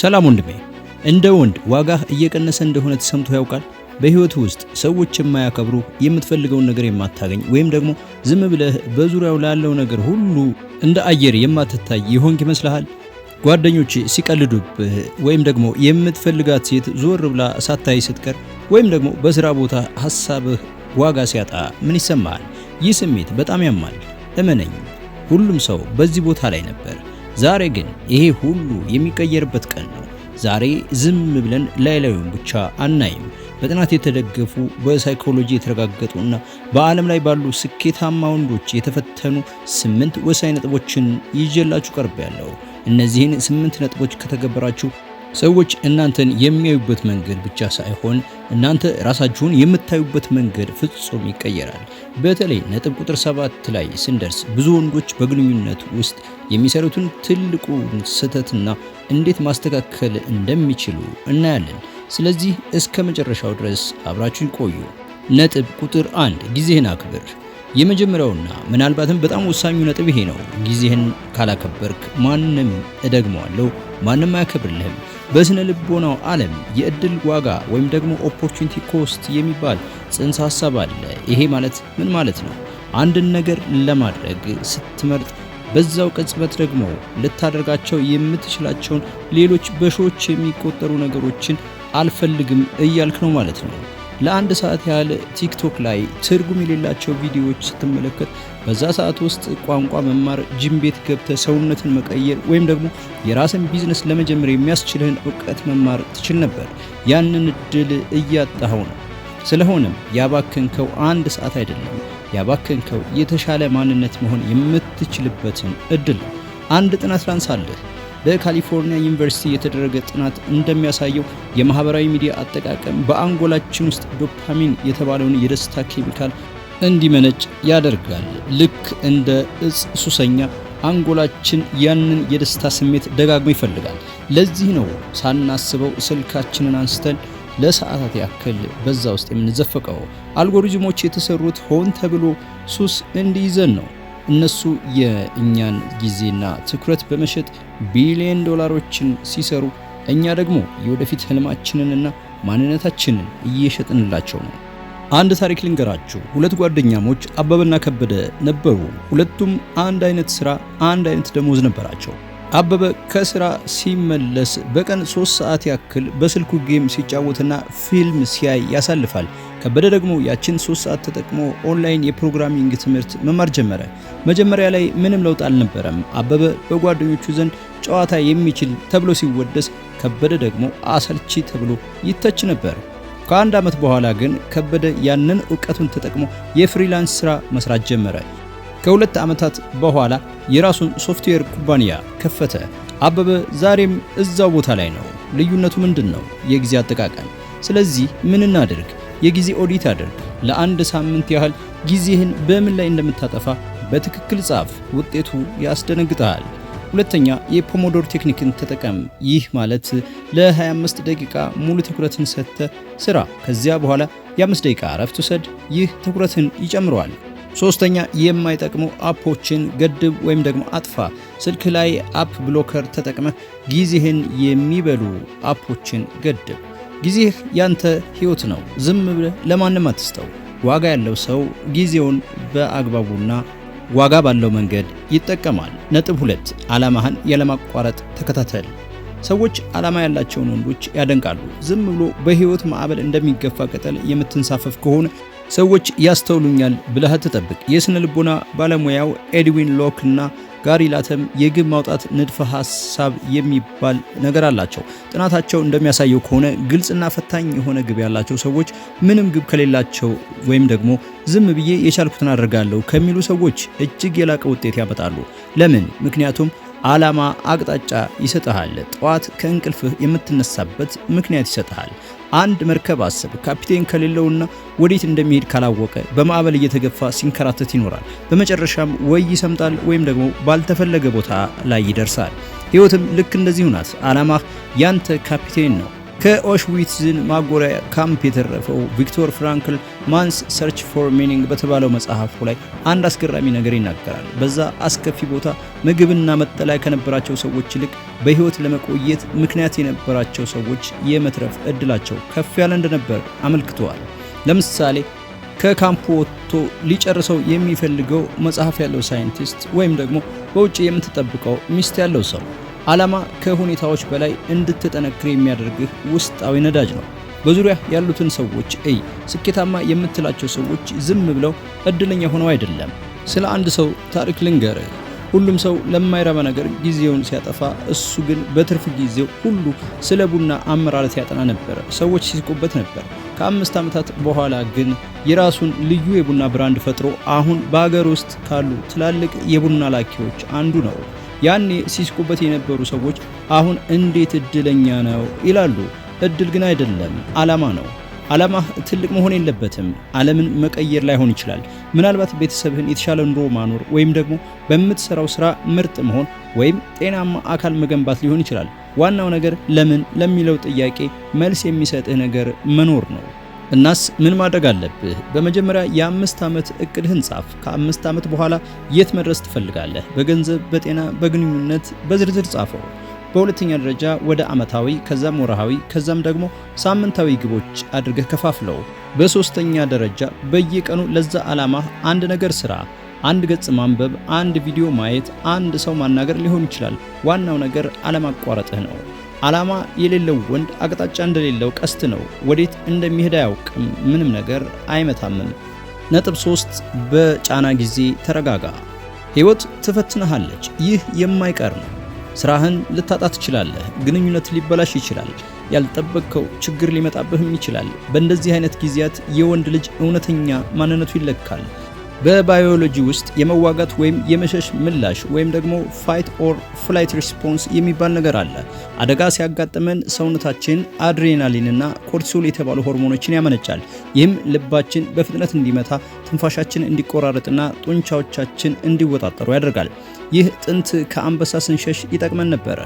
ሰላም ወንድሜ፣ እንደ ወንድ ዋጋህ እየቀነሰ እንደሆነ ተሰምቶ ያውቃል? በህይወት ውስጥ ሰዎች የማያከብሩ የምትፈልገውን ነገር የማታገኝ ወይም ደግሞ ዝም ብለህ በዙሪያው ላለው ነገር ሁሉ እንደ አየር የማትታይ ይሆንክ ይመስልሃል? ጓደኞች ሲቀልዱብህ ወይም ደግሞ የምትፈልጋት ሴት ዞር ብላ ሳታይ ስትቀር ወይም ደግሞ በስራ ቦታ ሐሳብህ ዋጋ ሲያጣ ምን ይሰማሃል? ይህ ስሜት በጣም ያማል። እመነኝ፣ ሁሉም ሰው በዚህ ቦታ ላይ ነበር። ዛሬ ግን ይሄ ሁሉ የሚቀየርበት ቀን ነው። ዛሬ ዝም ብለን ላይ ላዩን ብቻ አናይም። በጥናት የተደገፉ በሳይኮሎጂ የተረጋገጡና በዓለም ላይ ባሉ ስኬታማ ወንዶች የተፈተኑ ስምንት ወሳኝ ነጥቦችን ይዤላችሁ ያለው እነዚህን ስምንት ነጥቦች ከተገበራችሁ ሰዎች እናንተን የሚያዩበት መንገድ ብቻ ሳይሆን እናንተ ራሳችሁን የምታዩበት መንገድ ፍጹም ይቀየራል። በተለይ ነጥብ ቁጥር ሰባት ላይ ስንደርስ ብዙ ወንዶች በግንኙነት ውስጥ የሚሰሩትን ትልቁን ስህተትና እንዴት ማስተካከል እንደሚችሉ እናያለን። ስለዚህ እስከ መጨረሻው ድረስ አብራችሁ ይቆዩ። ነጥብ ቁጥር አንድ ጊዜህን አክብር። የመጀመሪያውና ምናልባትም በጣም ወሳኙ ነጥብ ይሄ ነው። ጊዜህን ካላከበርክ ማንም እደግመዋለሁ፣ ማንም አያከብርልህም። በስነ ልቦናው ዓለም የእድል ዋጋ ወይም ደግሞ ኦፖርቹኒቲ ኮስት የሚባል ጽንሰ ሐሳብ አለ። ይሄ ማለት ምን ማለት ነው? አንድን ነገር ለማድረግ ስትመርጥ በዛው ቅጽበት ደግሞ ልታደርጋቸው የምትችላቸውን ሌሎች በሺዎች የሚቆጠሩ ነገሮችን አልፈልግም እያልክ ነው ማለት ነው። ለአንድ ሰዓት ያህል ቲክቶክ ላይ ትርጉም የሌላቸው ቪዲዮዎች ስትመለከት በዛ ሰዓት ውስጥ ቋንቋ መማር፣ ጅም ቤት ገብተ ሰውነትን መቀየር ወይም ደግሞ የራስን ቢዝነስ ለመጀመር የሚያስችልህን እውቀት መማር ትችል ነበር። ያንን እድል እያጣኸው ነው። ስለሆነም ያባከንከው አንድ ሰዓት አይደለም፣ ያባከንከው የተሻለ ማንነት መሆን የምትችልበትን እድል ነው። አንድ ጥናት ላንሳለህ። በካሊፎርኒያ ዩኒቨርሲቲ የተደረገ ጥናት እንደሚያሳየው የማህበራዊ ሚዲያ አጠቃቀም በአንጎላችን ውስጥ ዶፓሚን የተባለውን የደስታ ኬሚካል እንዲመነጭ ያደርጋል። ልክ እንደ እጽ ሱሰኛ አንጎላችን ያንን የደስታ ስሜት ደጋግሞ ይፈልጋል። ለዚህ ነው ሳናስበው ስልካችንን አንስተን ለሰዓታት ያክል በዛ ውስጥ የምንዘፈቀው። አልጎሪዝሞች የተሰሩት ሆን ተብሎ ሱስ እንዲይዘን ነው። እነሱ የእኛን ጊዜና ትኩረት በመሸጥ ቢሊዮን ዶላሮችን ሲሰሩ፣ እኛ ደግሞ የወደፊት ህልማችንንና ማንነታችንን እየሸጥንላቸው ነው። አንድ ታሪክ ልንገራችሁ። ሁለት ጓደኛሞች አበበና ከበደ ነበሩ። ሁለቱም አንድ አይነት ስራ፣ አንድ አይነት ደሞዝ ነበራቸው። አበበ ከስራ ሲመለስ በቀን ሶስት ሰዓት ያክል በስልኩ ጌም ሲጫወትና ፊልም ሲያይ ያሳልፋል። ከበደ ደግሞ ያችን ሶስት ሰዓት ተጠቅሞ ኦንላይን የፕሮግራሚንግ ትምህርት መማር ጀመረ። መጀመሪያ ላይ ምንም ለውጥ አልነበረም። አበበ በጓደኞቹ ዘንድ ጨዋታ የሚችል ተብሎ ሲወደስ፣ ከበደ ደግሞ አሰልቺ ተብሎ ይተች ነበር። ከአንድ ዓመት በኋላ ግን ከበደ ያንን እውቀቱን ተጠቅሞ የፍሪላንስ ስራ መስራት ጀመረ። ከሁለት ዓመታት በኋላ የራሱን ሶፍትዌር ኩባንያ ከፈተ። አበበ ዛሬም እዛው ቦታ ላይ ነው። ልዩነቱ ምንድን ነው? የጊዜ አጠቃቀም። ስለዚህ ምን እናድርግ? የጊዜ ኦዲት አድርግ። ለአንድ ሳምንት ያህል ጊዜህን በምን ላይ እንደምታጠፋ በትክክል ጻፍ። ውጤቱ ያስደነግጣል። ሁለተኛ የፖሞዶር ቴክኒክን ተጠቀም። ይህ ማለት ለ25 ደቂቃ ሙሉ ትኩረትን ሰጥተ ስራ፣ ከዚያ በኋላ የ5 ደቂቃ እረፍት ውሰድ። ይህ ትኩረትን ይጨምረዋል። ሶስተኛ የማይጠቅሙ አፖችን ገድብ ወይም ደግሞ አጥፋ። ስልክ ላይ አፕ ብሎከር ተጠቅመህ ጊዜህን የሚበሉ አፖችን ገድብ። ጊዜህ ያንተ ህይወት ነው። ዝም ብለህ ለማንም አትስጠው። ዋጋ ያለው ሰው ጊዜውን በአግባቡና ዋጋ ባለው መንገድ ይጠቀማል። ነጥብ ሁለት ዓላማህን ያለማቋረጥ ተከታተል። ሰዎች ዓላማ ያላቸውን ወንዶች ያደንቃሉ። ዝም ብሎ በህይወት ማዕበል እንደሚገፋ ቅጠል የምትንሳፈፍ ከሆነ ሰዎች ያስተውሉኛል ብለህ ትጠብቅ። የስነ ልቦና ባለሙያው ኤድዊን ሎክ እና ጋሪ ላተም የግብ ማውጣት ንድፈ ሀሳብ የሚባል ነገር አላቸው። ጥናታቸው እንደሚያሳየው ከሆነ ግልጽና ፈታኝ የሆነ ግብ ያላቸው ሰዎች ምንም ግብ ከሌላቸው ወይም ደግሞ ዝም ብዬ የቻልኩትን አደርጋለሁ ከሚሉ ሰዎች እጅግ የላቀ ውጤት ያመጣሉ። ለምን? ምክንያቱም ዓላማ አቅጣጫ ይሰጥሃል። ጠዋት ከእንቅልፍህ የምትነሳበት ምክንያት ይሰጥሃል። አንድ መርከብ አሰብ ካፒቴን ከሌለውና ወዴት እንደሚሄድ ካላወቀ በማዕበል እየተገፋ ሲንከራተት ይኖራል። በመጨረሻም ወይ ይሰምጣል ወይም ደግሞ ባልተፈለገ ቦታ ላይ ይደርሳል። ህይወትም ልክ እንደዚሁ ናት። ዓላማህ ያንተ ካፒቴን ነው። ከኦሽዊትዝን ማጎሪያ ካምፕ የተረፈው ቪክቶር ፍራንክል ማንስ ሰርች ፎር ሚኒንግ በተባለው መጽሐፉ ላይ አንድ አስገራሚ ነገር ይናገራል። በዛ አስከፊ ቦታ ምግብና መጠለያ ከነበራቸው ሰዎች ይልቅ በሕይወት ለመቆየት ምክንያት የነበራቸው ሰዎች የመትረፍ ዕድላቸው ከፍ ያለ እንደነበር አመልክተዋል። ለምሳሌ ከካምፕ ወጥቶ ሊጨርሰው የሚፈልገው መጽሐፍ ያለው ሳይንቲስት ወይም ደግሞ በውጭ የምትጠብቀው ሚስት ያለው ሰው ዓላማ ከሁኔታዎች በላይ እንድትጠነክር የሚያደርግህ ውስጣዊ ነዳጅ ነው። በዙሪያ ያሉትን ሰዎች እይ። ስኬታማ የምትላቸው ሰዎች ዝም ብለው እድለኛ ሆነው አይደለም። ስለ አንድ ሰው ታሪክ ልንገርህ። ሁሉም ሰው ለማይረባ ነገር ጊዜውን ሲያጠፋ፣ እሱ ግን በትርፍ ጊዜው ሁሉ ስለ ቡና አመራረት ያጠና ነበር። ሰዎች ሲስቁበት ነበር። ከአምስት ዓመታት በኋላ ግን የራሱን ልዩ የቡና ብራንድ ፈጥሮ አሁን በአገር ውስጥ ካሉ ትላልቅ የቡና ላኪዎች አንዱ ነው። ያኔ ሲስቁበት የነበሩ ሰዎች አሁን እንዴት እድለኛ ነው ይላሉ። እድል ግን አይደለም፣ ዓላማ ነው። ዓላማህ ትልቅ መሆን የለበትም። ዓለምን መቀየር ላይሆን ይችላል። ምናልባት ቤተሰብህን፣ የተሻለ ኑሮ ማኖር ወይም ደግሞ በምትሰራው ስራ ምርጥ መሆን ወይም ጤናማ አካል መገንባት ሊሆን ይችላል። ዋናው ነገር ለምን ለሚለው ጥያቄ መልስ የሚሰጥህ ነገር መኖር ነው። እናስ ምን ማድረግ አለብህ? በመጀመሪያ የአምስት ዓመት እቅድህን ጻፍ። ከአምስት ዓመት በኋላ የት መድረስ ትፈልጋለህ? በገንዘብ፣ በጤና፣ በግንኙነት በዝርዝር ጻፈው። በሁለተኛ ደረጃ ወደ ዓመታዊ ከዛም ወርሃዊ ከዛም ደግሞ ሳምንታዊ ግቦች አድርገህ ከፋፍለው። በሶስተኛ ደረጃ በየቀኑ ለዛ ዓላማ አንድ ነገር ስራ። አንድ ገጽ ማንበብ፣ አንድ ቪዲዮ ማየት፣ አንድ ሰው ማናገር ሊሆን ይችላል። ዋናው ነገር አለማቋረጥህ ነው። ዓላማ የሌለው ወንድ አቅጣጫ እንደሌለው ቀስት ነው። ወዴት እንደሚሄድ አያውቅም። ምንም ነገር አይመታምም። ነጥብ ሶስት በጫና ጊዜ ተረጋጋ። ሕይወት ትፈትንሃለች። ይህ የማይቀር ነው። ስራህን ልታጣ ትችላለህ። ግንኙነት ሊበላሽ ይችላል። ያልጠበቅከው ችግር ሊመጣብህም ይችላል። በእንደዚህ አይነት ጊዜያት የወንድ ልጅ እውነተኛ ማንነቱ ይለካል። በባዮሎጂ ውስጥ የመዋጋት ወይም የመሸሽ ምላሽ ወይም ደግሞ ፋይት ኦር ፍላይት ሪስፖንስ የሚባል ነገር አለ። አደጋ ሲያጋጥመን ሰውነታችን አድሬናሊንና ኮርቲሶል የተባሉ ሆርሞኖችን ያመነጫል። ይህም ልባችን በፍጥነት እንዲመታ፣ ትንፋሻችን እንዲቆራረጥና ጡንቻዎቻችን እንዲወጣጠሩ ያደርጋል። ይህ ጥንት ከአንበሳ ስንሸሽ ይጠቅመን ነበረ።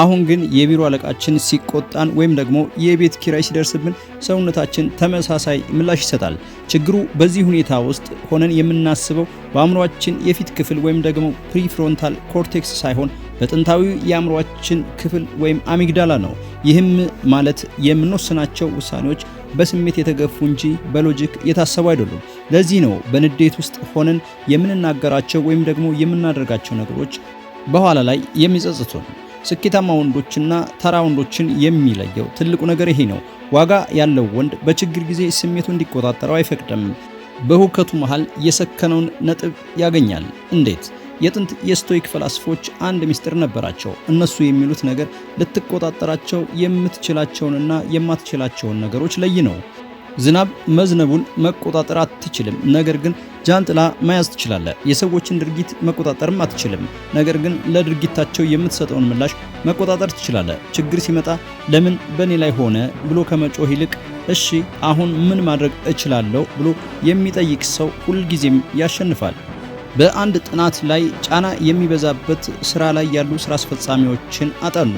አሁን ግን የቢሮ አለቃችን ሲቆጣን ወይም ደግሞ የቤት ኪራይ ሲደርስብን ሰውነታችን ተመሳሳይ ምላሽ ይሰጣል። ችግሩ በዚህ ሁኔታ ውስጥ ሆነን የምናስበው በአእምሯችን የፊት ክፍል ወይም ደግሞ ፕሪፍሮንታል ኮርቴክስ ሳይሆን በጥንታዊ የአእምሯችን ክፍል ወይም አሚግዳላ ነው። ይህም ማለት የምንወስናቸው ውሳኔዎች በስሜት የተገፉ እንጂ በሎጂክ የታሰቡ አይደሉም። ለዚህ ነው በንዴት ውስጥ ሆነን የምንናገራቸው ወይም ደግሞ የምናደርጋቸው ነገሮች በኋላ ላይ የሚጸጽቱን። ስኬታማ ወንዶችና ተራ ወንዶችን የሚለየው ትልቁ ነገር ይሄ ነው። ዋጋ ያለው ወንድ በችግር ጊዜ ስሜቱ እንዲቆጣጠረው አይፈቅድም። በሁከቱ መሃል የሰከነውን ነጥብ ያገኛል። እንዴት? የጥንት የስቶይክ ፈላስፎች አንድ ምስጢር ነበራቸው። እነሱ የሚሉት ነገር ልትቆጣጠራቸው የምትችላቸውንና የማትችላቸውን ነገሮች ለይ ነው። ዝናብ መዝነቡን መቆጣጠር አትችልም፣ ነገር ግን ጃንጥላ መያዝ ትችላለህ። የሰዎችን ድርጊት መቆጣጠርም አትችልም፣ ነገር ግን ለድርጊታቸው የምትሰጠውን ምላሽ መቆጣጠር ትችላለህ። ችግር ሲመጣ ለምን በእኔ ላይ ሆነ ብሎ ከመጮህ ይልቅ እሺ አሁን ምን ማድረግ እችላለሁ ብሎ የሚጠይቅ ሰው ሁልጊዜም ያሸንፋል። በአንድ ጥናት ላይ ጫና የሚበዛበት ስራ ላይ ያሉ ስራ አስፈጻሚዎችን አጠኑ።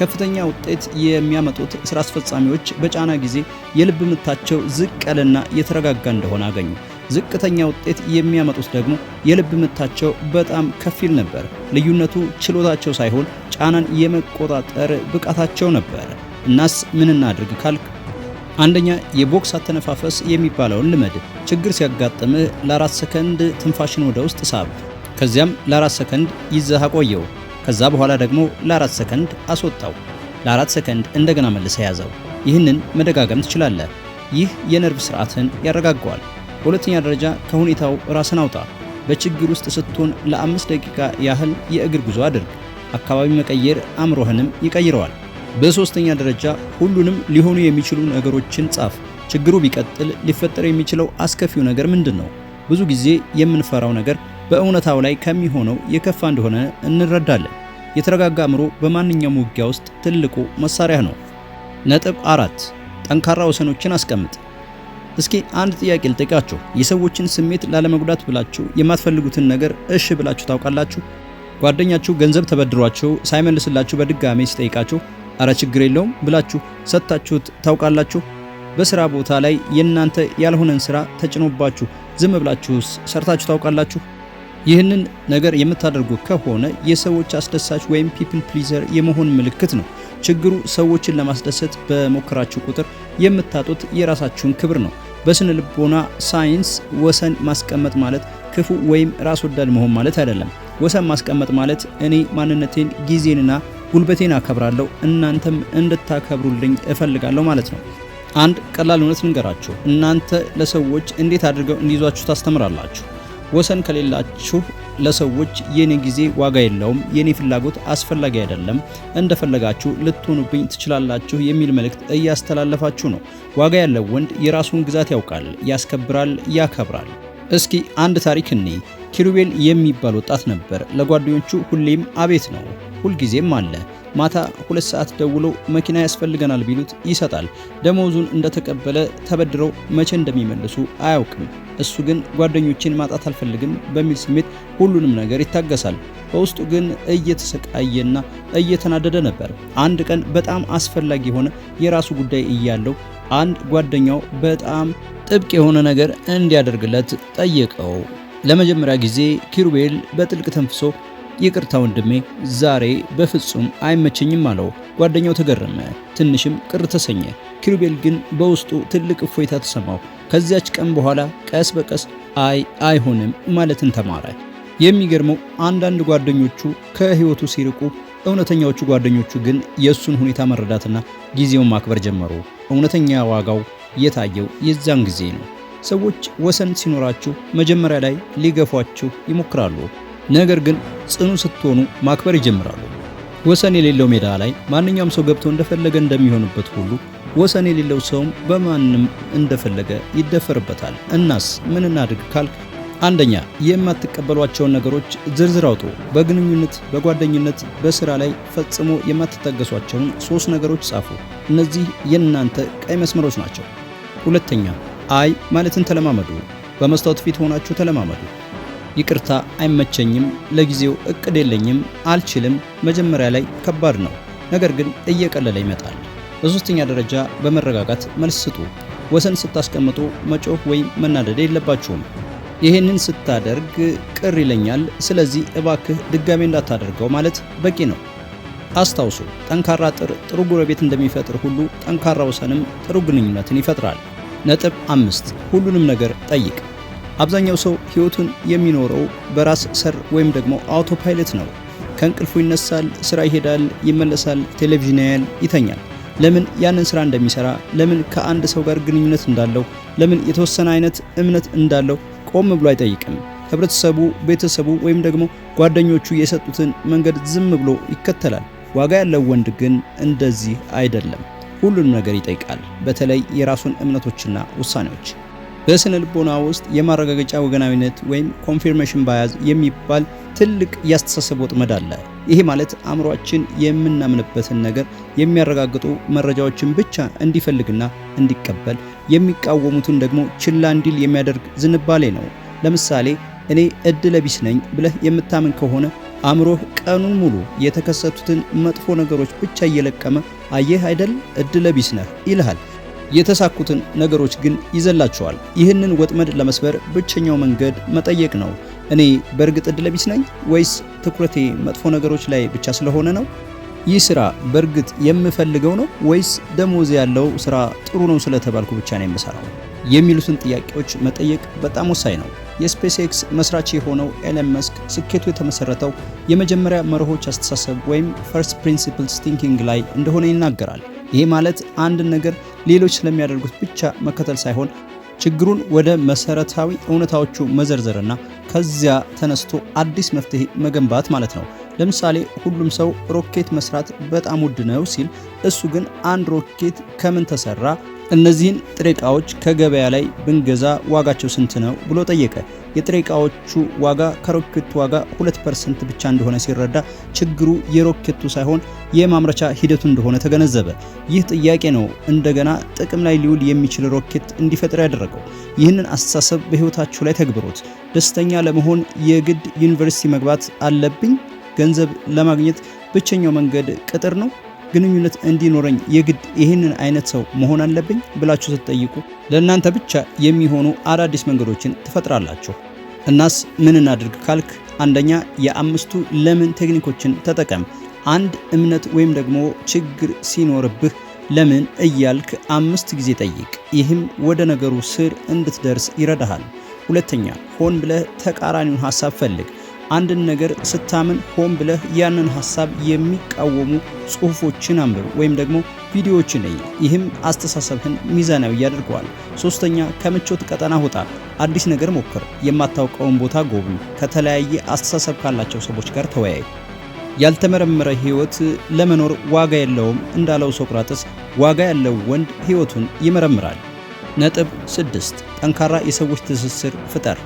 ከፍተኛ ውጤት የሚያመጡት ስራ አስፈጻሚዎች በጫና ጊዜ የልብ ምታቸው ዝቅ ያለና የተረጋጋ እንደሆነ አገኙ። ዝቅተኛ ውጤት የሚያመጡት ደግሞ የልብ ምታቸው በጣም ከፊል ነበር። ልዩነቱ ችሎታቸው ሳይሆን ጫናን የመቆጣጠር ብቃታቸው ነበር። እናስ ምን እናድርግ ካልክ አንደኛ የቦክስ አተነፋፈስ የሚባለውን ልመድ። ችግር ሲያጋጥምህ ለአራት ሰከንድ ትንፋሽን ወደ ውስጥ ሳብ። ከዚያም ለአራት ሰከንድ ይዘህ አቆየው። ከዛ በኋላ ደግሞ ለአራት ሰከንድ አስወጣው። ለአራት ሰከንድ እንደገና መልሰ ያዘው። ይህንን መደጋገም ትችላለህ። ይህ የነርቭ ስርዓትን ያረጋገዋል። በሁለተኛ ደረጃ ከሁኔታው ራስን አውጣ። በችግር ውስጥ ስትሆን ለአምስት ደቂቃ ያህል የእግር ጉዞ አድርግ። አካባቢ መቀየር አእምሮህንም ይቀይረዋል። በሶስተኛ ደረጃ ሁሉንም ሊሆኑ የሚችሉ ነገሮችን ጻፍ። ችግሩ ቢቀጥል ሊፈጠር የሚችለው አስከፊው ነገር ምንድን ነው? ብዙ ጊዜ የምንፈራው ነገር በእውነታው ላይ ከሚሆነው የከፋ እንደሆነ እንረዳለን። የተረጋጋ አእምሮ በማንኛውም ውጊያ ውስጥ ትልቁ መሳሪያ ነው። ነጥብ አራት ጠንካራ ወሰኖችን አስቀምጥ። እስኪ አንድ ጥያቄ ልጠይቃችሁ። የሰዎችን ስሜት ላለመጉዳት ብላችሁ የማትፈልጉትን ነገር እሺ ብላችሁ ታውቃላችሁ? ጓደኛችሁ ገንዘብ ተበድሯችሁ ሳይመልስላችሁ በድጋሜ ሲጠይቃችሁ አረ ችግር የለውም ብላችሁ ሰጥታችሁት ታውቃላችሁ? በስራ ቦታ ላይ የእናንተ ያልሆነን ስራ ተጭኖባችሁ ዝም ብላችሁስ ሰርታችሁ ታውቃላችሁ? ይህንን ነገር የምታደርጉ ከሆነ የሰዎች አስደሳች ወይም ፒፕል ፕሊዘር የመሆን ምልክት ነው። ችግሩ ሰዎችን ለማስደሰት በሞከራችሁ ቁጥር የምታጡት የራሳችሁን ክብር ነው። በስነ ልቦና ሳይንስ ወሰን ማስቀመጥ ማለት ክፉ ወይም ራስ ወዳድ መሆን ማለት አይደለም። ወሰን ማስቀመጥ ማለት እኔ ማንነቴን፣ ጊዜንና ጉልበቴን አከብራለሁ፣ እናንተም እንድታከብሩልኝ እፈልጋለሁ ማለት ነው። አንድ ቀላል እውነት ልንገራችሁ። እናንተ ለሰዎች እንዴት አድርገው እንዲይዟችሁ ታስተምራላችሁ። ወሰን ከሌላችሁ ለሰዎች የኔ ጊዜ ዋጋ የለውም፣ የኔ ፍላጎት አስፈላጊ አይደለም፣ እንደፈለጋችሁ ልትሆኑብኝ ትችላላችሁ የሚል መልእክት እያስተላለፋችሁ ነው። ዋጋ ያለው ወንድ የራሱን ግዛት ያውቃል፣ ያስከብራል፣ ያከብራል። እስኪ አንድ ታሪክ እኔ ኪሩቤል የሚባል ወጣት ነበር። ለጓደኞቹ ሁሌም አቤት ነው፣ ሁልጊዜም አለ። ማታ ሁለት ሰዓት ደውለው መኪና ያስፈልገናል ቢሉት ይሰጣል። ደሞዙን እንደተቀበለ ተበድረው መቼ እንደሚመልሱ አያውቅም። እሱ ግን ጓደኞችን ማጣት አልፈልግም በሚል ስሜት ሁሉንም ነገር ይታገሳል። በውስጡ ግን እየተሰቃየና እየተናደደ ነበር። አንድ ቀን በጣም አስፈላጊ የሆነ የራሱ ጉዳይ እያለው አንድ ጓደኛው በጣም ጥብቅ የሆነ ነገር እንዲያደርግለት ጠየቀው። ለመጀመሪያ ጊዜ ኪሩቤል በጥልቅ ተንፍሶ ይቅርታ ወንድሜ፣ ዛሬ በፍጹም አይመቸኝም አለው። ጓደኛው ተገረመ፣ ትንሽም ቅር ተሰኘ። ኪሩቤል ግን በውስጡ ትልቅ እፎይታ ተሰማው። ከዚያች ቀን በኋላ ቀስ በቀስ አይ አይሆንም ማለትን ተማረ። የሚገርመው አንዳንድ ጓደኞቹ ከህይወቱ ሲርቁ፣ እውነተኛዎቹ ጓደኞቹ ግን የእሱን ሁኔታ መረዳትና ጊዜውን ማክበር ጀመሩ። እውነተኛ ዋጋው የታየው የዛን ጊዜ ነው። ሰዎች ወሰን ሲኖራችሁ መጀመሪያ ላይ ሊገፏችሁ ይሞክራሉ። ነገር ግን ጽኑ ስትሆኑ ማክበር ይጀምራሉ። ወሰን የሌለው ሜዳ ላይ ማንኛውም ሰው ገብቶ እንደፈለገ እንደሚሆንበት ሁሉ ወሰን የሌለው ሰውም በማንም እንደፈለገ ይደፈርበታል። እናስ ምን እናድርግ ካልክ አንደኛ የማትቀበሏቸውን ነገሮች ዝርዝር አውጡ። በግንኙነት፣ በጓደኝነት፣ በስራ ላይ ፈጽሞ የማትታገሷቸውን ሶስት ነገሮች ጻፉ። እነዚህ የእናንተ ቀይ መስመሮች ናቸው። ሁለተኛ አይ ማለትን ተለማመዱ። በመስታወት ፊት ሆናችሁ ተለማመዱ። ይቅርታ አይመቸኝም፣ ለጊዜው እቅድ የለኝም፣ አልችልም፣ መጀመሪያ ላይ ከባድ ነው፣ ነገር ግን እየቀለለ ይመጣል። በሶስተኛ ደረጃ በመረጋጋት መልስ ስጡ። ወሰን ስታስቀምጡ መጮህ ወይም መናደድ የለባችሁም። ይህንን ስታደርግ ቅር ይለኛል፣ ስለዚህ እባክህ ድጋሜ እንዳታደርገው ማለት በቂ ነው። አስታውሱ፣ ጠንካራ አጥር ጥሩ ጎረቤት እንደሚፈጥር ሁሉ ጠንካራ ወሰንም ጥሩ ግንኙነትን ይፈጥራል። ነጥብ አምስት ሁሉንም ነገር ጠይቅ። አብዛኛው ሰው ሕይወቱን የሚኖረው በራስ ሰር ወይም ደግሞ አውቶ ፓይለት ነው። ከእንቅልፉ ይነሳል፣ ስራ ይሄዳል፣ ይመለሳል፣ ቴሌቪዥን ያያል፣ ይተኛል። ለምን ያንን ስራ እንደሚሰራ፣ ለምን ከአንድ ሰው ጋር ግንኙነት እንዳለው፣ ለምን የተወሰነ አይነት እምነት እንዳለው ቆም ብሎ አይጠይቅም። ህብረተሰቡ፣ ቤተሰቡ ወይም ደግሞ ጓደኞቹ የሰጡትን መንገድ ዝም ብሎ ይከተላል። ዋጋ ያለው ወንድ ግን እንደዚህ አይደለም። ሁሉንም ነገር ይጠይቃል፣ በተለይ የራሱን እምነቶችና ውሳኔዎች። በስነ ልቦና ውስጥ የማረጋገጫ ወገናዊነት ወይም ኮንፊርሜሽን ባያዝ የሚባል ትልቅ ያስተሳሰብ ወጥመድ አለ። ይሄ ማለት አእምሯችን የምናምንበትን ነገር የሚያረጋግጡ መረጃዎችን ብቻ እንዲፈልግና እንዲቀበል፣ የሚቃወሙትን ደግሞ ችላ እንዲል የሚያደርግ ዝንባሌ ነው። ለምሳሌ እኔ እድለ ቢስ ነኝ ብለህ የምታምን ከሆነ አእምሮህ ቀኑን ሙሉ የተከሰቱትን መጥፎ ነገሮች ብቻ እየለቀመ አየህ አይደል እድለ ቢስ ነህ ይልሃል። የተሳኩትን ነገሮች ግን ይዘላቸዋል። ይህንን ወጥመድ ለመስበር ብቸኛው መንገድ መጠየቅ ነው። እኔ በእርግጥ እድለ ነኝ ወይስ ትኩረቴ መጥፎ ነገሮች ላይ ብቻ ስለሆነ ነው? ይህ ስራ በእርግጥ የምፈልገው ነው ወይስ ደሞዝ ያለው ስራ ጥሩ ነው ስለተባልኩ ብቻ ነው የምሰራው? የሚሉትን ጥያቄዎች መጠየቅ በጣም ወሳኝ ነው። የስፔስ ኤክስ መስራች የሆነው ኤለን መስክ ስኬቱ የተመሰረተው የመጀመሪያ መርሆች አስተሳሰብ ወይም ፈርስት ፕሪንሲፕልስ ቲንኪንግ ላይ እንደሆነ ይናገራል። ይህ ማለት አንድ ነገር ሌሎች ስለሚያደርጉት ብቻ መከተል ሳይሆን ችግሩን ወደ መሰረታዊ እውነታዎቹ መዘርዘርና ከዚያ ተነስቶ አዲስ መፍትሄ መገንባት ማለት ነው። ለምሳሌ ሁሉም ሰው ሮኬት መስራት በጣም ውድ ነው ሲል፣ እሱ ግን አንድ ሮኬት ከምን ተሰራ፣ እነዚህን ጥሬ እቃዎች ከገበያ ላይ ብንገዛ ዋጋቸው ስንት ነው ብሎ ጠየቀ። የጥሬ እቃዎቹ ዋጋ ከሮኬቱ ዋጋ 2% ብቻ እንደሆነ ሲረዳ ችግሩ የሮኬቱ ሳይሆን የማምረቻ ሂደቱ እንደሆነ ተገነዘበ። ይህ ጥያቄ ነው እንደገና ጥቅም ላይ ሊውል የሚችል ሮኬት እንዲፈጥር ያደረገው። ይህንን አስተሳሰብ በህይወታችሁ ላይ ተግብሩት። ደስተኛ ለመሆን የግድ ዩኒቨርሲቲ መግባት አለብኝ? ገንዘብ ለማግኘት ብቸኛው መንገድ ቅጥር ነው? ግንኙነት እንዲኖረኝ የግድ ይህንን አይነት ሰው መሆን አለብኝ ብላችሁ ስትጠይቁ ለእናንተ ብቻ የሚሆኑ አዳዲስ መንገዶችን ትፈጥራላችሁ። እናስ ምን እናድርግ ካልክ፣ አንደኛ የአምስቱ ለምን ቴክኒኮችን ተጠቀም። አንድ እምነት ወይም ደግሞ ችግር ሲኖርብህ ለምን እያልክ አምስት ጊዜ ጠይቅ። ይህም ወደ ነገሩ ስር እንድትደርስ ይረዳሃል። ሁለተኛ ሆን ብለህ ተቃራኒውን ሀሳብ ፈልግ። አንድን ነገር ስታምን ሆን ብለህ ያንን ሀሳብ የሚቃወሙ ጽሁፎችን አንብብ ወይም ደግሞ ቪዲዮዎችን እይ። ይህም አስተሳሰብህን ሚዛናዊ ያደርገዋል። ሶስተኛ ከምቾት ቀጠና ውጣ። አዲስ ነገር ሞክር። የማታውቀውን ቦታ ጎብኝ። ከተለያየ አስተሳሰብ ካላቸው ሰዎች ጋር ተወያይ። ያልተመረመረ ህይወት ለመኖር ዋጋ የለውም እንዳለው ሶቅራጥስ ዋጋ ያለው ወንድ ህይወቱን ይመረምራል። ነጥብ ስድስት ጠንካራ የሰዎች ትስስር ፍጠር።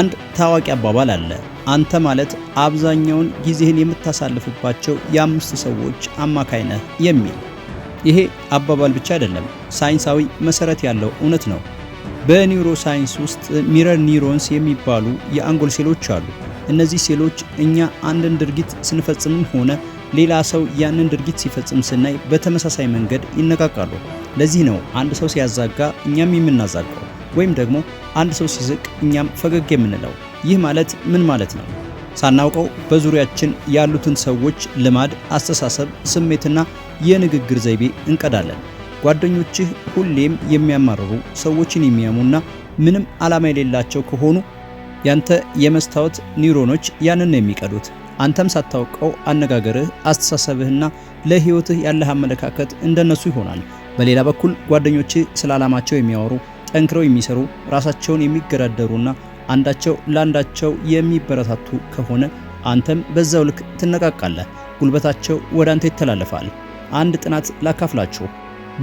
አንድ ታዋቂ አባባል አለ አንተ ማለት አብዛኛውን ጊዜህን የምታሳልፍባቸው የአምስት ሰዎች አማካይ ነህ የሚል ይሄ አባባል ብቻ አይደለም፣ ሳይንሳዊ መሰረት ያለው እውነት ነው። በኒውሮ ሳይንስ ውስጥ ሚረር ኒውሮንስ የሚባሉ የአንጎል ሴሎች አሉ። እነዚህ ሴሎች እኛ አንድን ድርጊት ስንፈጽምም ሆነ ሌላ ሰው ያንን ድርጊት ሲፈጽም ስናይ በተመሳሳይ መንገድ ይነቃቃሉ። ለዚህ ነው አንድ ሰው ሲያዛጋ እኛም የምናዛጋው፣ ወይም ደግሞ አንድ ሰው ሲስቅ እኛም ፈገግ የምንለው። ይህ ማለት ምን ማለት ነው? ሳናውቀው በዙሪያችን ያሉትን ሰዎች ልማድ፣ አስተሳሰብ፣ ስሜትና የንግግር ዘይቤ እንቀዳለን። ጓደኞችህ ሁሌም የሚያማርሩ ሰዎችን የሚያሙና ምንም ዓላማ የሌላቸው ከሆኑ ያንተ የመስታወት ኒውሮኖች ያንን ነው የሚቀዱት። አንተም ሳታውቀው አነጋገርህ፣ አስተሳሰብህና ለህይወትህ ያለህ አመለካከት እንደነሱ ይሆናል። በሌላ በኩል ጓደኞችህ ስለ ዓላማቸው የሚያወሩ ጠንክረው የሚሰሩ ራሳቸውን የሚገዳደሩና አንዳቸው ለአንዳቸው የሚበረታቱ ከሆነ አንተም በዛው ልክ ትነቃቃለህ። ጉልበታቸው ወደ አንተ ይተላለፋል። አንድ ጥናት ላካፍላችሁ።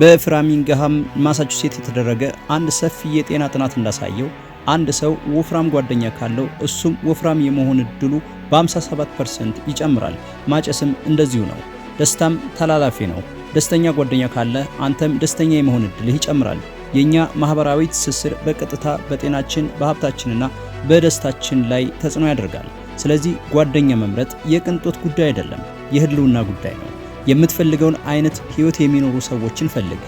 በፍራሚንግሃም ማሳቹሴት የተደረገ አንድ ሰፊ የጤና ጥናት እንዳሳየው አንድ ሰው ወፍራም ጓደኛ ካለው እሱም ወፍራም የመሆን እድሉ በ57% ይጨምራል። ማጨስም እንደዚሁ ነው። ደስታም ተላላፊ ነው። ደስተኛ ጓደኛ ካለ አንተም ደስተኛ የመሆን እድልህ ይጨምራል። የእኛ ማህበራዊ ትስስር በቀጥታ በጤናችን በሀብታችንና በደስታችን ላይ ተጽዕኖ ያደርጋል። ስለዚህ ጓደኛ መምረጥ የቅንጦት ጉዳይ አይደለም፣ የህልውና ጉዳይ ነው። የምትፈልገውን አይነት ህይወት የሚኖሩ ሰዎችን ፈልግ።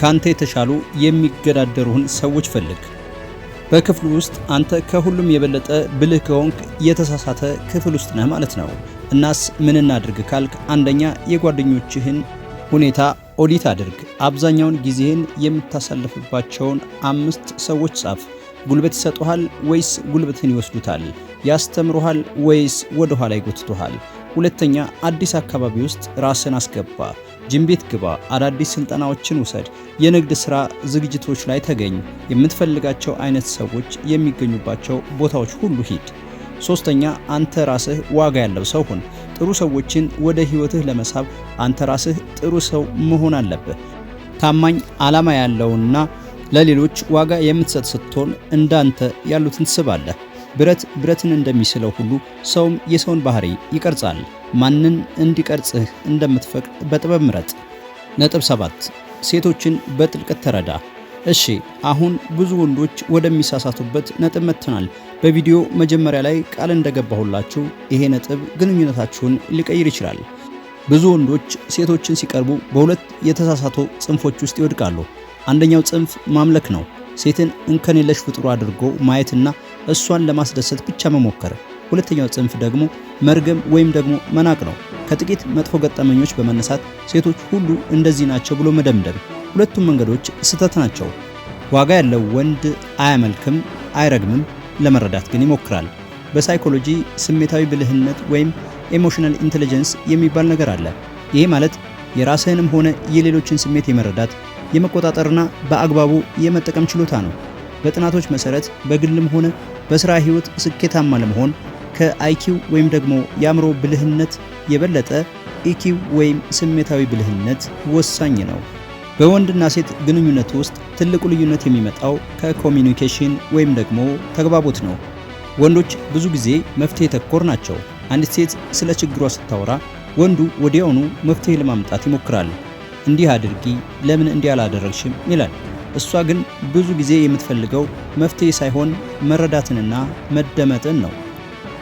ካንተ የተሻሉ የሚገዳደሩህን ሰዎች ፈልግ። በክፍሉ ውስጥ አንተ ከሁሉም የበለጠ ብልህ ከሆንክ የተሳሳተ ክፍል ውስጥ ነህ ማለት ነው። እናስ ምን እናድርግ ካልክ፣ አንደኛ የጓደኞችህን ሁኔታ ኦዲት አድርግ። አብዛኛውን ጊዜህን የምታሳልፍባቸውን አምስት ሰዎች ጻፍ። ጉልበት ይሰጡሃል ወይስ ጉልበትን ይወስዱታል? ያስተምሩሃል ወይስ ወደ ኋላ ይጎትቱሃል? ሁለተኛ፣ አዲስ አካባቢ ውስጥ ራስን አስገባ። ጅም ቤት ግባ። አዳዲስ ስልጠናዎችን ውሰድ። የንግድ ሥራ ዝግጅቶች ላይ ተገኝ። የምትፈልጋቸው አይነት ሰዎች የሚገኙባቸው ቦታዎች ሁሉ ሂድ። ሶስተኛ፣ አንተ ራስህ ዋጋ ያለው ሰው ሁን። ጥሩ ሰዎችን ወደ ህይወትህ ለመሳብ አንተ ራስህ ጥሩ ሰው መሆን አለብህ። ታማኝ ዓላማ ያለውና ለሌሎች ዋጋ የምትሰጥ ስትሆን እንዳንተ ያሉትን ትስባለህ። ብረት ብረትን እንደሚስለው ሁሉ ሰውም የሰውን ባህሪ ይቀርጻል። ማንን እንዲቀርጽህ እንደምትፈቅድ በጥበብ ምረጥ። ነጥብ ሰባት ሴቶችን በጥልቀት ተረዳ። እሺ አሁን ብዙ ወንዶች ወደሚሳሳቱበት ነጥብ መጥተናል። በቪዲዮ መጀመሪያ ላይ ቃል እንደገባሁላችሁ ይሄ ነጥብ ግንኙነታችሁን ሊቀይር ይችላል። ብዙ ወንዶች ሴቶችን ሲቀርቡ በሁለት የተሳሳቱ ጽንፎች ውስጥ ይወድቃሉ። አንደኛው ጽንፍ ማምለክ ነው። ሴትን እንከን የለሽ ፍጡር አድርጎ ማየትና እሷን ለማስደሰት ብቻ መሞከር። ሁለተኛው ጽንፍ ደግሞ መርገም ወይም ደግሞ መናቅ ነው። ከጥቂት መጥፎ ገጠመኞች በመነሳት ሴቶች ሁሉ እንደዚህ ናቸው ብሎ መደምደም። ሁለቱም መንገዶች ስህተት ናቸው። ዋጋ ያለው ወንድ አያመልክም፣ አይረግምም ለመረዳት ግን ይሞክራል። በሳይኮሎጂ ስሜታዊ ብልህነት ወይም ኤሞሽናል ኢንቴሊጀንስ የሚባል ነገር አለ። ይሄ ማለት የራስህንም ሆነ የሌሎችን ስሜት የመረዳት የመቆጣጠርና በአግባቡ የመጠቀም ችሎታ ነው። በጥናቶች መሰረት በግልም ሆነ በስራ ህይወት ስኬታማ ለመሆን ከአይኪው ወይም ደግሞ የአእምሮ ብልህነት የበለጠ ኢኪው ወይም ስሜታዊ ብልህነት ወሳኝ ነው። በወንድና ሴት ግንኙነት ውስጥ ትልቁ ልዩነት የሚመጣው ከኮሚኒኬሽን ወይም ደግሞ ተግባቦት ነው። ወንዶች ብዙ ጊዜ መፍትሄ ተኮር ናቸው። አንዲት ሴት ስለ ችግሯ ስታወራ ወንዱ ወዲያውኑ መፍትሄ ለማምጣት ይሞክራል። እንዲህ አድርጊ፣ ለምን እንዲህ አላደረግሽም ይላል። እሷ ግን ብዙ ጊዜ የምትፈልገው መፍትሄ ሳይሆን መረዳትንና መደመጥን ነው።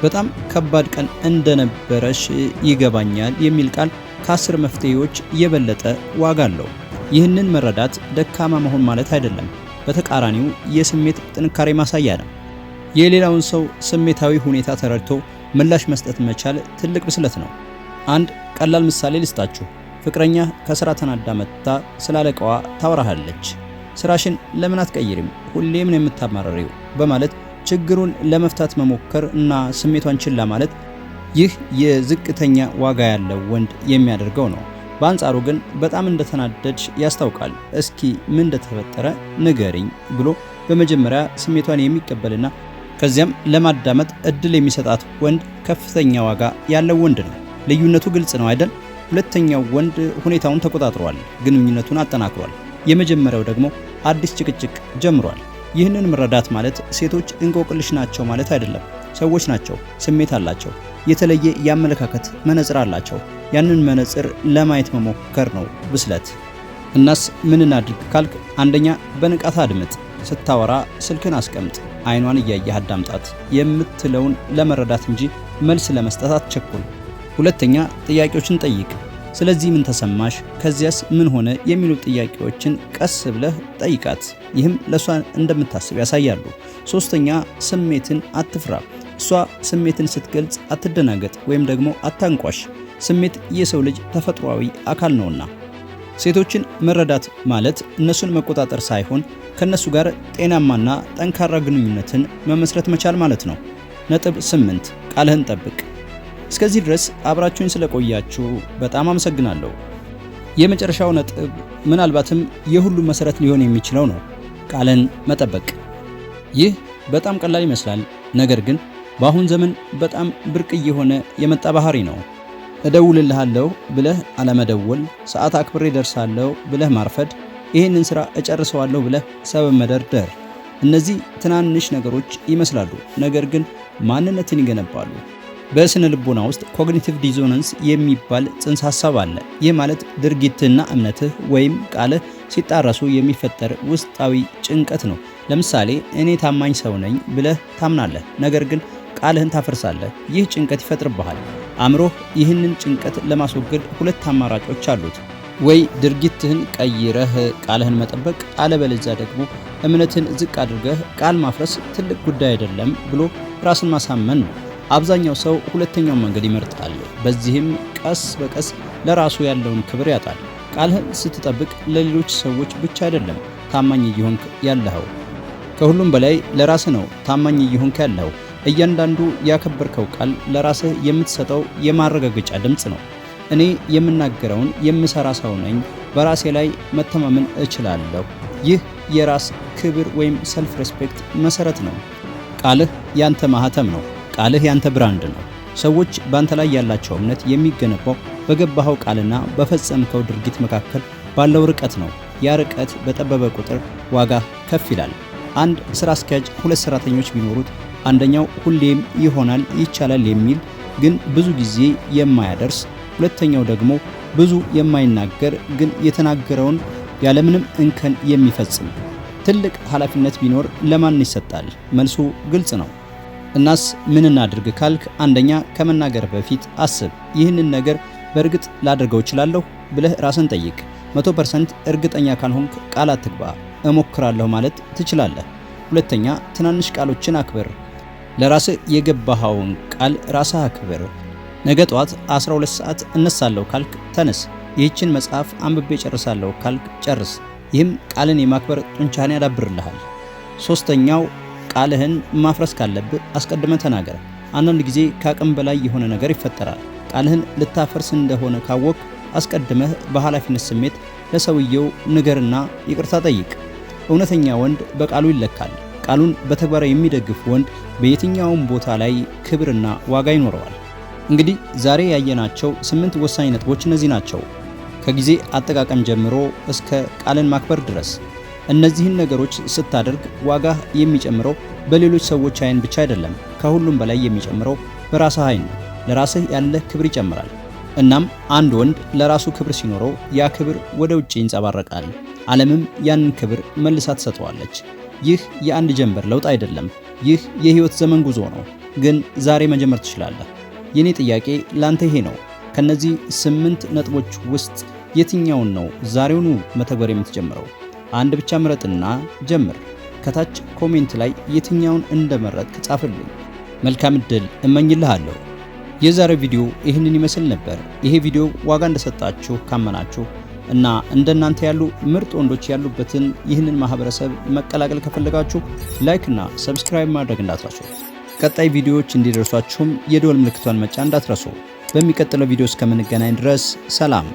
በጣም ከባድ ቀን እንደነበረሽ ይገባኛል የሚል ቃል ከአስር መፍትሄዎች የበለጠ ዋጋ አለው። ይህንን መረዳት ደካማ መሆን ማለት አይደለም። በተቃራኒው የስሜት ጥንካሬ ማሳያ ነው። የሌላውን ሰው ስሜታዊ ሁኔታ ተረድቶ ምላሽ መስጠት መቻል ትልቅ ብስለት ነው። አንድ ቀላል ምሳሌ ልስጣችሁ። ፍቅረኛ ከስራ ተናዳ መጥታ ስለ አለቃዋ ታወራሃለች። ስራሽን ለምን አትቀይሪም? ሁሌም ነው የምታማረሪው በማለት ችግሩን ለመፍታት መሞከር እና ስሜቷን ችላ ማለት ይህ የዝቅተኛ ዋጋ ያለው ወንድ የሚያደርገው ነው። በአንጻሩ ግን በጣም እንደተናደድ ያስታውቃል። እስኪ ምን እንደተፈጠረ ንገሪኝ ብሎ በመጀመሪያ ስሜቷን የሚቀበልና ከዚያም ለማዳመጥ እድል የሚሰጣት ወንድ ከፍተኛ ዋጋ ያለው ወንድ ነው። ልዩነቱ ግልጽ ነው አይደል? ሁለተኛው ወንድ ሁኔታውን ተቆጣጥሯል፣ ግንኙነቱን አጠናክሯል። የመጀመሪያው ደግሞ አዲስ ጭቅጭቅ ጀምሯል። ይህንን መረዳት ማለት ሴቶች እንቆቅልሽ ናቸው ማለት አይደለም። ሰዎች ናቸው፣ ስሜት አላቸው። የተለየ የአመለካከት መነጽር አላቸው። ያንን መነጽር ለማየት መሞከር ነው ብስለት። እናስ ምን እናድርግ ካልክ፣ አንደኛ በንቃት አድምጥ። ስታወራ ስልክን አስቀምጥ፣ አይኗን እያየህ አዳምጣት። የምትለውን ለመረዳት እንጂ መልስ ለመስጠት አትቸኩል። ሁለተኛ ጥያቄዎችን ጠይቅ። ስለዚህ ምን ተሰማሽ፣ ከዚያስ ምን ሆነ የሚሉ ጥያቄዎችን ቀስ ብለህ ጠይቃት። ይህም ለእሷ እንደምታስብ ያሳያሉ። ሶስተኛ ስሜትን አትፍራ። እሷ ስሜትን ስትገልጽ አትደናገጥ ወይም ደግሞ አታንቋሽ። ስሜት የሰው ልጅ ተፈጥሯዊ አካል ነውና። ሴቶችን መረዳት ማለት እነሱን መቆጣጠር ሳይሆን ከነሱ ጋር ጤናማና ጠንካራ ግንኙነትን መመስረት መቻል ማለት ነው። ነጥብ ስምንት ቃልህን ጠብቅ። እስከዚህ ድረስ አብራችሁኝ ስለቆያችሁ በጣም አመሰግናለሁ። የመጨረሻው ነጥብ ምናልባትም የሁሉ መሰረት ሊሆን የሚችለው ነው፣ ቃልን መጠበቅ። ይህ በጣም ቀላል ይመስላል፣ ነገር ግን በአሁን ዘመን በጣም ብርቅዬ የሆነ የመጣ ባህሪ ነው። እደውልልሃለሁ ብለህ አለመደወል፣ ሰዓት አክብሬ ደርሳለሁ ብለህ ማርፈድ፣ ይህንን ሥራ እጨርሰዋለሁ ብለህ ሰበብ መደርደር፣ እነዚህ ትናንሽ ነገሮች ይመስላሉ፣ ነገር ግን ማንነትን ይገነባሉ። በስነ ልቦና ውስጥ ኮግኒቲቭ ዲዞናንስ የሚባል ጽንሰ ሐሳብ አለ። ይህ ማለት ድርጊትና እምነትህ ወይም ቃልህ ሲጣረሱ የሚፈጠር ውስጣዊ ጭንቀት ነው። ለምሳሌ እኔ ታማኝ ሰው ነኝ ብለህ ታምናለህ፣ ነገር ግን ቃልህን ታፈርሳለህ። ይህ ጭንቀት ይፈጥርብሃል። አእምሮህ ይህንን ጭንቀት ለማስወገድ ሁለት አማራጮች አሉት። ወይ ድርጊትህን ቀይረህ ቃልህን መጠበቅ፣ አለበለዚያ ደግሞ እምነትን ዝቅ አድርገህ ቃል ማፍረስ ትልቅ ጉዳይ አይደለም ብሎ ራስን ማሳመን ነው። አብዛኛው ሰው ሁለተኛውን መንገድ ይመርጣል። በዚህም ቀስ በቀስ ለራሱ ያለውን ክብር ያጣል። ቃልህን ስትጠብቅ ለሌሎች ሰዎች ብቻ አይደለም ታማኝ እየሆንክ ያለኸው፣ ከሁሉም በላይ ለራስ ነው ታማኝ እየሆንክ ያለኸው። እያንዳንዱ ያከበርከው ቃል ለራስህ የምትሰጠው የማረጋገጫ ድምፅ ነው። እኔ የምናገረውን የምሰራ ሰው ነኝ፣ በራሴ ላይ መተማመን እችላለሁ። ይህ የራስ ክብር ወይም ሰልፍ ሬስፔክት መሰረት ነው። ቃልህ ያንተ ማህተም ነው። ቃልህ ያንተ ብራንድ ነው። ሰዎች በአንተ ላይ ያላቸው እምነት የሚገነባው በገባኸው ቃልና በፈጸምከው ድርጊት መካከል ባለው ርቀት ነው። ያ ርቀት በጠበበ ቁጥር ዋጋ ከፍ ይላል። አንድ ስራ አስኪያጅ ሁለት ሰራተኞች ቢኖሩት አንደኛው ሁሌም ይሆናል ይቻላል የሚል ግን ብዙ ጊዜ የማያደርስ፣ ሁለተኛው ደግሞ ብዙ የማይናገር ግን የተናገረውን ያለምንም እንከን የሚፈጽም። ትልቅ ኃላፊነት ቢኖር ለማን ይሰጣል? መልሱ ግልጽ ነው። እናስ ምን እናድርግ ካልክ፣ አንደኛ ከመናገር በፊት አስብ። ይህንን ነገር በእርግጥ ላድርገው እችላለሁ ብለህ ራስን ጠይቅ። 100% እርግጠኛ ካልሆንክ ቃል አትግባ። እሞክራለሁ ማለት ትችላለህ። ሁለተኛ ትናንሽ ቃሎችን አክብር። ለራስ የገባኸውን ቃል ራስህ አክብር። ነገ ጧት 12 ሰዓት እነሳለሁ ካልክ ተነስ። ይህችን መጽሐፍ አንብቤ ጨርሳለሁ ካልክ ጨርስ። ይህም ቃልን የማክበር ጡንቻን ያዳብርልሃል። ሶስተኛው ቃልህን ማፍረስ ካለብህ አስቀድመ ተናገር። አንዳንድ ጊዜ ከአቅም በላይ የሆነ ነገር ይፈጠራል። ቃልህን ልታፈርስ እንደሆነ ካወቅ አስቀድመህ በኃላፊነት ስሜት ለሰውየው ንገርና ይቅርታ ጠይቅ። እውነተኛ ወንድ በቃሉ ይለካል። ቃሉን በተግባር የሚደግፍ ወንድ በየትኛውም ቦታ ላይ ክብርና ዋጋ ይኖረዋል። እንግዲህ ዛሬ ያየናቸው ስምንት ወሳኝ ነጥቦች እነዚህ ናቸው። ከጊዜ አጠቃቀም ጀምሮ እስከ ቃልን ማክበር ድረስ እነዚህን ነገሮች ስታደርግ ዋጋህ የሚጨምረው በሌሎች ሰዎች አይን ብቻ አይደለም። ከሁሉም በላይ የሚጨምረው በራስህ ዓይን ነው። ለራስህ ያለህ ክብር ይጨምራል። እናም አንድ ወንድ ለራሱ ክብር ሲኖረው ያ ክብር ወደ ውጭ ይንጸባረቃል። ዓለምም ያንን ክብር መልሳ ትሰጠዋለች። ይህ የአንድ ጀንበር ለውጥ አይደለም። ይህ የህይወት ዘመን ጉዞ ነው። ግን ዛሬ መጀመር ትችላለህ። የኔ ጥያቄ ላንተ ይሄ ነው። ከነዚህ ስምንት ነጥቦች ውስጥ የትኛውን ነው ዛሬውኑ መተግበር የምትጀምረው? አንድ ብቻ ምረጥና ጀምር። ከታች ኮሜንት ላይ የትኛውን እንደመረጥ ጻፍልኝ። መልካም እድል እመኝልሃለሁ። የዛሬው ቪዲዮ ይህንን ይመስል ነበር። ይሄ ቪዲዮ ዋጋ እንደሰጣችሁ ካመናችሁ እና እንደናንተ ያሉ ምርጥ ወንዶች ያሉበትን ይህንን ማህበረሰብ መቀላቀል ከፈለጋችሁ ላይክ እና ሰብስክራይብ ማድረግ እንዳትረሱ። ቀጣይ ቪዲዮዎች እንዲደርሷችሁም የደወል ምልክቷን መጫን እንዳትረሱ። በሚቀጥለው ቪዲዮ እስከምንገናኝ ድረስ ሰላም።